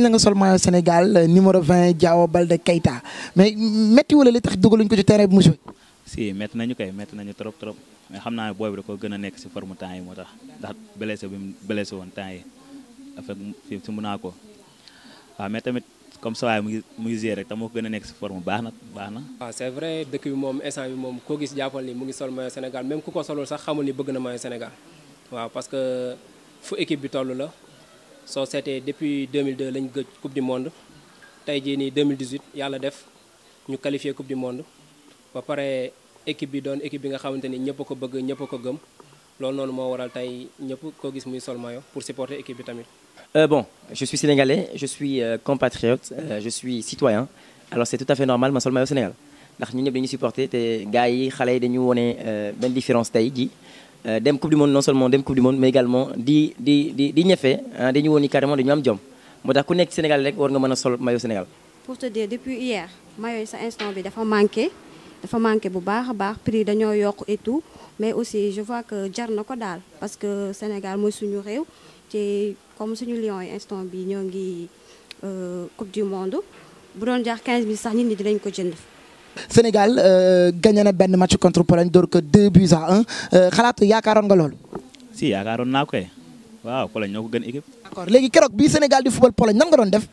nañ la nga sol maillot Sénégal euh, numéro 20 Diao Baldé Keita mais métti wala li tax dugaluñ ko ci terrain bi monsieur. si métti nañu kay nañu trop trop mais xam naa ne booy gën a nekk si forme temps yi moo tax ndax blessé bi mu blessé woon temps si mun naa ko waaw mais comme ça waaye mu ngi mu ngi gérer moo ko gën a nekk si forme baax na baax na. waaw c'est vrai dëkk bi moom instant bi moom koo gis jàppal ni mu ngi sol maillot Sénégal même ku ko solul sax xamul ni bëgg na maillot Sénégal waaw parce que fu équipe bi toll la. soo seetee depuis 2002 lañ gëj coupe du monde tey jii nii 2018 yàlla def ñu qualifié coupe du monde ba pare équipe bi doon équipe bi nga xamante ni ñëpp a ko bëgg ñëpp a ko gëm loolu noonu moo waral tey ñëpp ko gis muy sol maillot pour supporter équipe bi tamit. Euh, bon je suis sénégalais je suis euh, compatriote euh, je suis citoyen alors c'est tout à fait normal ma sol maillot Sénégal ndax ñun ñëpp dañuy supporter te gars yi xale yi dañu wone benn différence tey jii. Euh, dem coupe du monde non seulement dem coupe du monde mais également di di di di ñefe ah, dañu woon ni carrément dañu am jom moo tax ku nekk Sénégal rek war nga mën a sol maillot Sénégal. pour te dire depuis hier maillot sa instant bi dafa manqué dafa manqué bu baax a baax prix dañoo yokk et tout mais aussi je vois que jar na ko daal parce que Sénégal mooy suñu réew te comme suñu lion yi instant bi ñoo ngi euh, coupe du monde bu doon jaar 15000 sax nit ñi dinañ ko jënd. Sénégal euh, gagné na benn match contre Pologne door ko 2 buts à 1 euh, xalaat yaakaaroon nga loolu. si yaakaaroon naa ko waaw Pologne ñoo ko gën équipe. léegi keroog bii Sénégal di football Pologne nan nga doon def.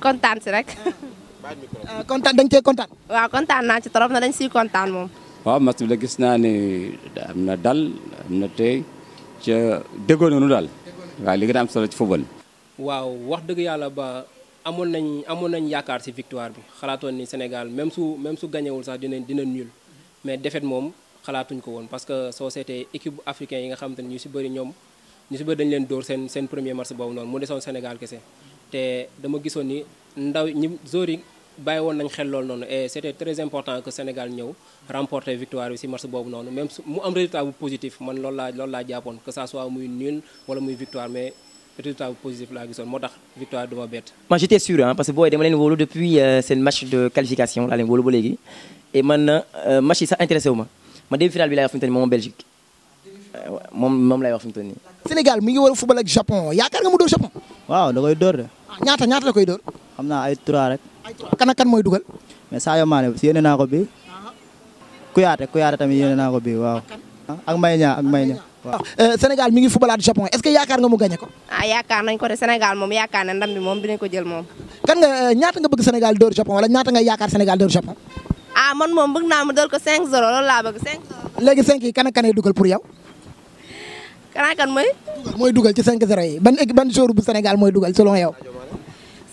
kontaan si rek. Euh, kontaan dañ cee kontaan. waaw kontaan naa ci trop na dañ siy kontaan moom. waaw match la gis naa ne am na dal am na tey ca déggoo noonu waaw li gën a solo ci football. waaw wax dëgg yàlla ba. amoon nañ amoon nañ yaakaar ci victoire bi xalaatoon ni Sénégal même su même su gañewul sax dinañ dina nul mais défaite moom xalaatuñ ko woon parce que soo seetee équipe africain yi nga xamante ne ñu si bari ñoom ñu ci bëri dañ leen dóor seen seen premier match boobu noonu mu desoon Sénégal kese te dama gisoon ni ndaw ñi joueurs yi bàyyi woon nañ xel loolu noonu et c'était très important que Sénégal ñëw remporter victoire bi ci match boobu noonu même mu am résultat bu positif mais résultat bu positif laa gisoon moo tax victoire du ma bett. man j'étais sûr hein parce que booy dama leen wóolu depuis euh, seen match de qualification laa leen wóolu ba léegi et man euh, match yi sax intéressé wu ma man début final bi laay wax fi mu toll nii moom Belgique euh, moom moom laay wax fi mu toll nii. Sénégal mi ngi war a football ak Japon yaakaar nga mu dóor Japon. waaw da koy dóor de. Ah, ñaata ñaata la koy dóor. xam naa ay 3 rek. ay 3 kan ak kan mooy dugal. mais Sadio Mané yéene naa ko bi ah. Kouyaté Kouyaté tamit yéene naa ko bi waaw. ak ah, Mbaye Niang ak Mbaye Niang. waaw euh, Sénégal mi ngi fubalaat Japon est-ce que yaakaar nga mu gagné ko. ah yaakaar nañ ko de Sénégal moom yaakaar na ndam moom dinañ ko jël moom. kan nga euh, ñaata nga bëgg Sénégal dóor Japon wala ñaata nga yaakaar Sénégal dóor ah, man moom bëgg naa mu dóor ko 5-0 loolu laa dugal pour yow. kan kan mooy. mooy dugal ci 5-0 yi ban ban joueur bu Sénégal mooy dugal selon yow.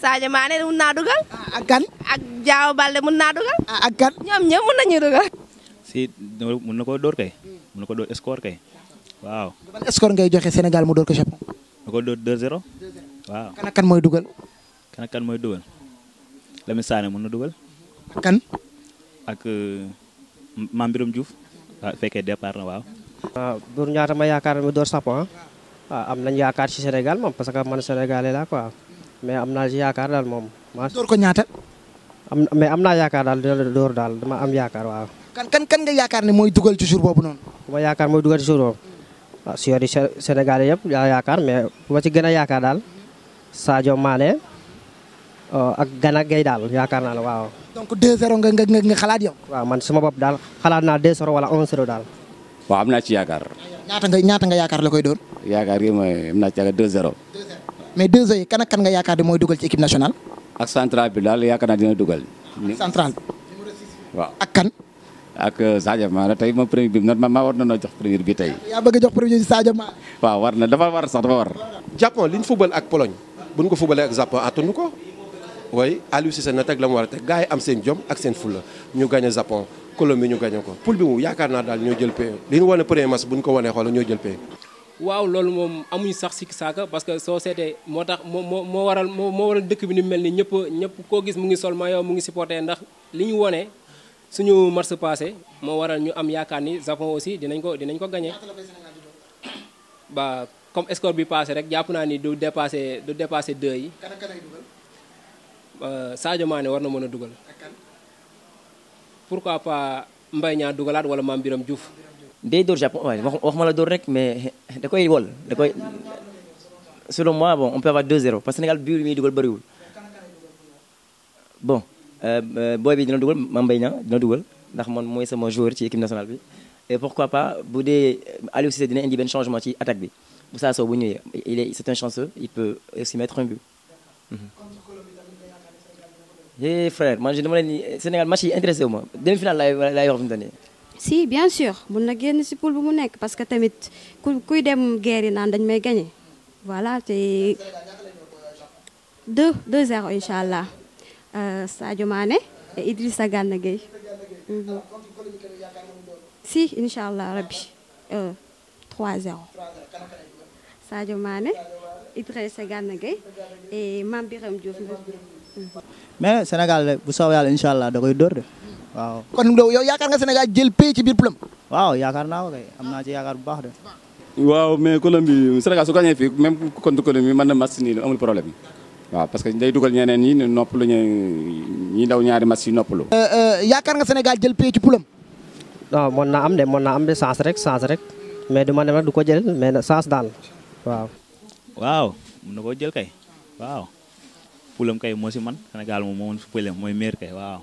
Sadio Mané mun naa dugal. Ah, ak kan. ak Diao Balde mun naa dugal. Ah, ak kan ñoom ñëpp mun nañu dugal. si mën na ko dóor kay. mën na ko dóor score waaw ban score ngay joxe Sénégal mu door ko Japon. da ko door 2-0. waaw mooy dugal. kan ak kan mooy dugal. Lamine Sané mën na dugal. kan. ak euh, Mame Birame Diouf. waaw fekkee départ na waaw. waaw ah, ñaata ma yaakaar mu door Japon ah. ah am na yaakaar ci Sénégal moom parce que man Sénégalais mais am naa ci yaakaar daal moom. door ko ñaata. am mais am naa yaakaar daal dina door daal dama am yaakaar waaw. kan kan nga yaakaar ne mooy dugal ci jour boobu noonu. ku yaakaar mooy dugal waaw suyor yi Sénégal yëpp yaa yaakaar mais bu ma ci gën yaakaar daal Sadio Mané oh, ak Gana Gueye daal yaakaar naa ne waaw. donc 2-0 nga nga nga xalaat yow. waaw man suma bopp daal xalaat naa 2-0 wala 1-0 daal. waaw am naa ci yaakaar. ñaata nga ñaata nga yaakaar la koy doon. yaakaar yi mooy am naa ci yaakaar 2-0. mais 2-0 yi kan kan nga yaakaar di mooy dugal ci équipe nationale. ak central bi daal yaakaar naa dina dugal. central. waaw ak euh, Sadio Mané tey moom premier bi nag man war na noo jox premier bi tey. yaa bëgg a jox premier bi Sadio Mané. waaw war na dafa war sax dafa war. Japon li ñu ak Pologne bu ñu ko footballee ak Japon attanu ko way Aliou Cissé na teg la mu war a teg gars yi am seen jom ak seen fulla ñu gagné Japon Colombie ñu gagné ko poule bi mu yaakaar naa daal ñoo jël paie li ñu wane premier match bu ñu ko wanee xoolal ñoo jël paie. waaw loolu moom amuñu sax sikki saaka parce que soo seetee moo tax moo moo moo waral moo waral dëkk bi ni mel ni ñëpp ñëpp koo gis mu ngi sol maillot mu ngi supporté ndax li ñu wone suñu match passé moo waral ñu am yaakaar ni Japon aussi dinañ ko dinañ ko gagné ba comme score bi passé rek jàpp naa ni du dépassé du dépassé deux yi Sadio Mané war na mën a dugal pourquoi pas Mbaye ñaa dugalaat wala Mame Biram Diouf day dóor Japon waaye wax wax ma la dóor rek mais da koy wol da koy selon moi bon on peut avoir 2-0 parce que Sénégal biir mi dugal bëriwul bon Euh, euh, booy bi dina dugal Mame Mbaye Niang dina dugal ndax man mooy sama joueur ci équipe nationale bi et pourquoi pas bu dee Aliou Cissé dina indi benn changement ci attaque bi Moussa Sow bu ñëwee il est c'est un chanceux il peut aussi mettre un but. Mm-hmm. Eh, frère man je dama ni Sénégal match yi intéressé wu demi-finale laay laay wax fi mu si bien sûr mun na génn si poule bu mu nekk parce que tamit kuy dem guerre yi naan dañ may gagné voilà te 2 2-0 incha Euh, Sadio Mané et Idrissa Gana Gueye mhm. si incha allah rabbi 3-0 euh, Sadio Mané Idrissa Gana Gueye et Mame Birame Diouf mais Sénégal bu soobee yàlla incha allah da koy dóor de waaw. kon yaakaar nga Sénégal jël pays ci biir plum. waaw yaakaar naa ko kay am naa ci yaakaar bu baax de. waaw mais Colombie Sénégal su gagné fii même contre Colombie man na match nii amul problème. waaw parce que day dugal ñeneen ñi ne noppalu ñu ñi daw ñaari match yi noppalu. Euh, euh, yaakaar nga Sénégal jël pay ci poulam. waaw mën am de moon na am de chance rek chance rek mais du ma dem rek du ko jël mais chance daal waaw. na koo jël kay waaw poulam kay moo si man Sénégal moom moo mën mooy meer kay waaw.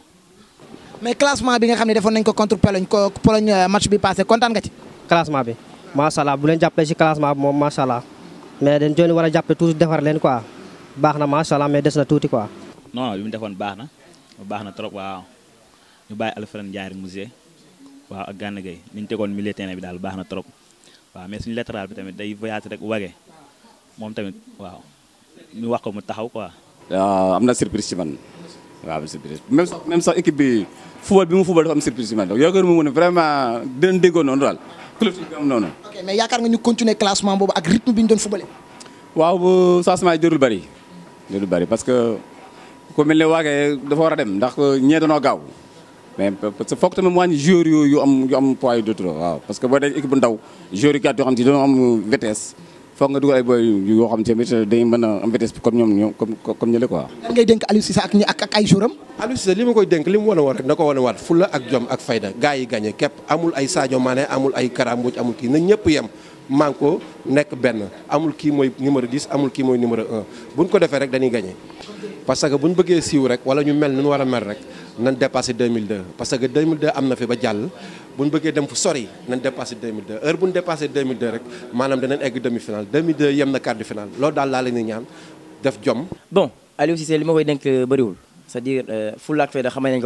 mais classement bi nga xam ne defoon nañ ko contre Pologne ko Pologne euh, match bi passé kontaan nga ci. classement bi macha allah bu leen jàppale si classement bi moom macha allah mais dañ doon war a jàppale toujours defar leen ko baax na macha allah mais des na tuuti quoi. non non mu defoon baax na baax na trop waaw ñu bàyyi Alfred Ndiaye rek musée waaw ak Gana Gueye ni ñu terrain bi daal baax na trop waaw mais suñu latéral bi tamit day voyage rek wage moom tamit waaw ñu wax ko mu taxaw quoi. Ah, am na surprise ci man waaw surprise même sax même bi football bi mu football dafa am surprise ci man donc yaakaar mu ne vraiment dinañ déggoo noonu daal club bi am noonu. ok mais yaakaar nga ñu continuer classement boobu ak rythme bi ñu doon footballé. waaw bu changement yi bari li du bari parce que ku mel ne waagee dafa war a dem ndax ñee danoo gaaw mais parce que foog tamit mu wàññi joueur yooyu yu am yu am poids de trop waaw parce que boo dee équipe bu ndaw joueur yu gàtt yoo xam te dañoo am vitesse foog nga dugal ay boy yoo xam tamit dañuy mën a am vitesse comme ñoom comme comme ñële quoi. lan ngay dénk Aliou Cissé ak ay jouram. Aliou Cissé li ma koy dénk li mu wane woon rek na ko wane waat fulla ak jom ak fayda gars yi gagné képp amul ay Sadio Mané amul ay Kara Mbodj amul kii na ñëpp yem. manko nekk benn amul kii mooy numéro 10 amul kii mooy numéro 1 bu ñu ko defee rek dañuy gagné. parce que bu ñu bëggee siiw rek wala ñu mel nu ñu war mel rek nañ dépassé parce que am na fi ba jàll bu ñu bëggee dem fu sori nañ dépassé 2002 heure bu ñu dépassé 2002 rek maanaam danañ egg demi finale 2002 yem na quart de finale loolu daal laa leen ñaan def jom. bon Aliou Cissé li ma koy denk euh, bëriwul cest dire euh, fulla ak fayda xamee nañ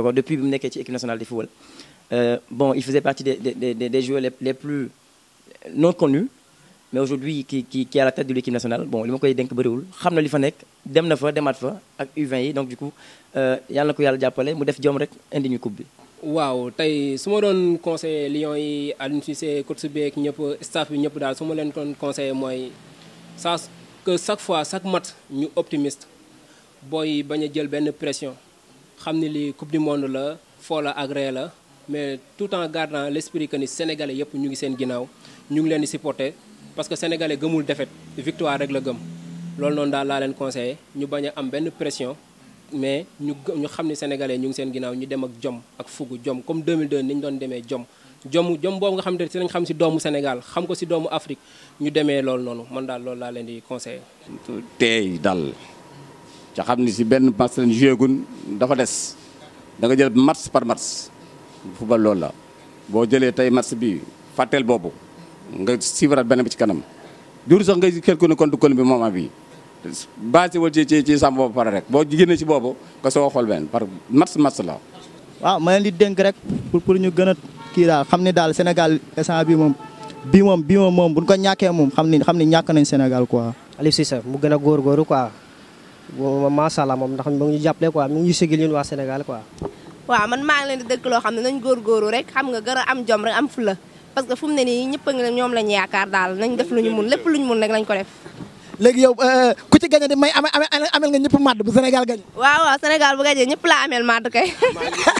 non connu mais aujourd'hui qui qui qui est à la tête nationale bon li ma koy dénk bëriwul xam na li fa nekk dem na fa demaat fa ak U20 yi donc du coup euh, yàlla na ko yàlla jàppale mu def jom rek indi ñu coupe bi. waaw tey su ma doon conseillé lion yi Aliou Cissé coach bi ak ñëpp staff bi ñëpp daal su ma leen doon conseillé mooy saa que chaque fois chaque match ñu optimiste booy bañ a jël benn pression xam ni lii coupe du monde la foo la la. mais tout en gardant l' esprit que ni sénégalais yëpp ñu ngi seen ginnaaw ñu ngi leen di supporter parce que sénégalais gëmul défaite victoire rek la gëm loolu noonu daal laa leen conseillé ñu bañ am benn pression mais ñu ñu xam ne sénégalais ñu ngi seen ginnaaw ñu dem ak jom ak fugu jom comme 2002 ni ñu doon demee jom jom jom boobu nga xam ne si xam si doomu Sénégal xam ko si doomu Afrique ñu demee loolu noonu man daal lool laa leen di conseillé. teey dal ca xam ni si benn match lañ joué gun dafa des da nga jël match par match. football loolu la boo jëlee tey match bi fàtteel boobu nga siivaraat beneen bi ci kanam jur sax ngay xel ko ne kon du kon bi moom bi basé wal ci ci ci sàmm boobu pare rek boo génnee ci boobu nga soo xool benn par match match la waaw ma leen di dénk rek pour pour ñu gën a kii daal xam ne daal Sénégal instant bi moom bii moom bi moom moom buñ ko ñàkkee moom xam ni xam ni ñàkk nañ Sénégal quoi Aliou Cissé mu gën góor góorgóorlu quoi macha allah moom ndax mu ngi ñu jàppale quoi waa Sénégal quoi waaw man maa ngi leen di dëkk loo xam ne nañ góorgóoru rek xam nga gën a am jom rek am fula parce que fu mu ne nii ñëpp ngi ñoom lañ yaakaar daal nañ def lu ñu mun lu ñu mun rek lañ ko def léegi yow euh, ku ci gañe di may amel nga ñëpp màdd bu Sénégal gañe waaw waaw Sénégal bu gañee ñëpp laa amel màdd kay